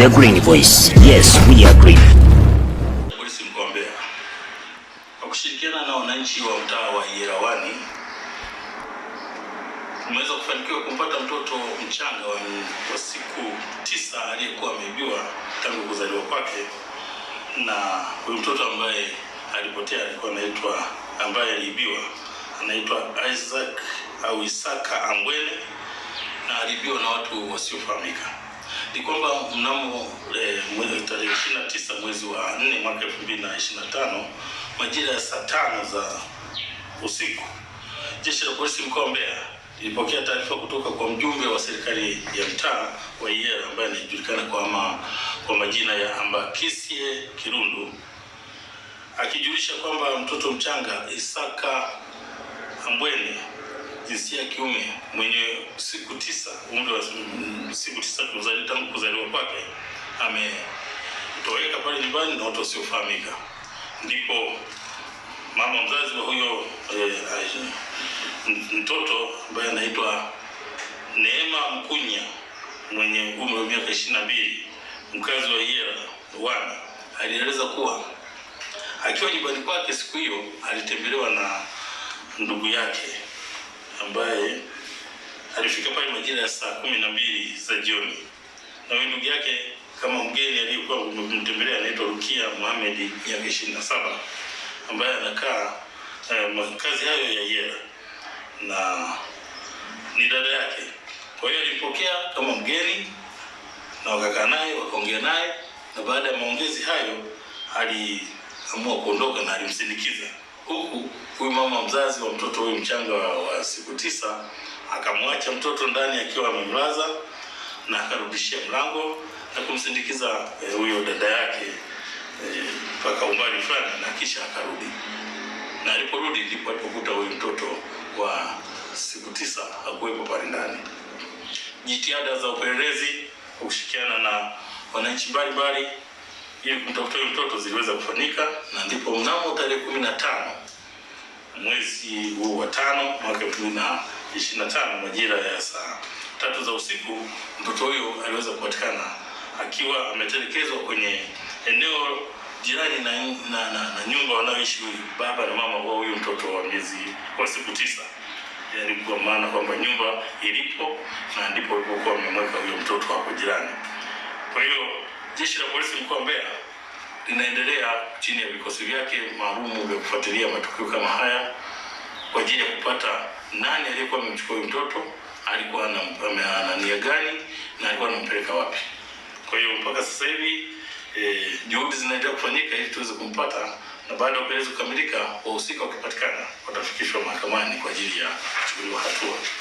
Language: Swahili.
The Green Voice. Yes, we agree. Polisi mkoa kwa kushirikiana na wananchi wa mtaa wa Yerawani tumeweza kufanikiwa kumpata mtoto mchanga wa siku tisa aliyekuwa ameibiwa tangu kuzaliwa kwake, na huyu mtoto ambaye alipotea alikuwa anaitwa ambaye aliibiwa anaitwa Isaac au Isaka Ambwele na aliibiwa na watu wasiofahamika ni kwamba mnamo eh, e, 29 mwezi wa 4 mwaka 2025 majira ya saa tano za usiku jeshi la polisi mkoa wa Mbeya lilipokea taarifa kutoka kwa mjumbe wa serikali ya mtaa wa Iyela ambaye anajulikana kwa, ma, kwa majina ya Ambakisie Kirundu akijulisha kwamba mtoto mchanga Isaka Ambwene jinsia ya kiume mwenye siku tisa, umri wa siku tisa kuzali, tangu kuzaliwa kwake ametoweka pale nyumbani na watu wasiofahamika, ndipo mama mzazi wa huyo eh, eh mtoto ambaye anaitwa Neema Mkunya mwenye umri wa miaka ishirini na mbili mkazi wa Iyela Ruanda alieleza kuwa akiwa nyumbani kwake siku hiyo alitembelewa na ndugu yake ambaye alifika pale majira ya saa kumi na mbili za jioni, na huyu ndugu yake kama mgeni aliyekuwa kumtembelea anaitwa Rukia Mohamed miaka ishirini na saba ambaye anakaa eh, makazi hayo ya Yera na ni dada yake. Kwa hiyo alimpokea kama mgeni na wakakaa naye wakaongea naye, na baada ya maongezi hayo aliamua kuondoka na alimsindikiza huku huyu mama mzazi wa mtoto huyu mchanga wa, wa siku tisa akamwacha mtoto ndani akiwa amemlaza na akarudishia mlango na kumsindikiza e, huyo e, dada yake e, mpaka e, umbali fulani na kisha akarudi, na aliporudi ndipo alipokuta huyu mtoto wa siku tisa hakuwepo pale ndani. Jitihada za upelelezi kushirikiana na wananchi mbalimbali ili kumtafutia mtoto ziliweza kufanyika, na ndipo mnamo tarehe kumi na tano mwezi huu wa tano mwaka elfu mbili na ishirini na tano majira ya saa tatu za usiku mtoto huyo aliweza kupatikana akiwa ametelekezwa kwenye eneo jirani na, na, na, na nyumba wanaoishi baba na mama wa huyu mtoto wa miezi kwa siku tisa yani kwa maana kwamba nyumba ilipo na ndipo alipokuwa amemweka huyo mtoto hapo jirani. Kwa hiyo Jeshi la Polisi mkoa wa Mbeya linaendelea chini ya vikosi vyake maalumu vya kufuatilia matukio kama haya kwa ajili ya kupata nani aliyekuwa amemchukua huyu mtoto, alikuwa ana nia gani na alikuwa anampeleka wapi. Kwa hiyo mpaka sasa hivi eh, juhudi zinaendelea kufanyika ili tuweze kumpata na baada ya upelelezi kukamilika, wahusika wakipatikana watafikishwa mahakamani kwa ajili ya kuchukuliwa hatua.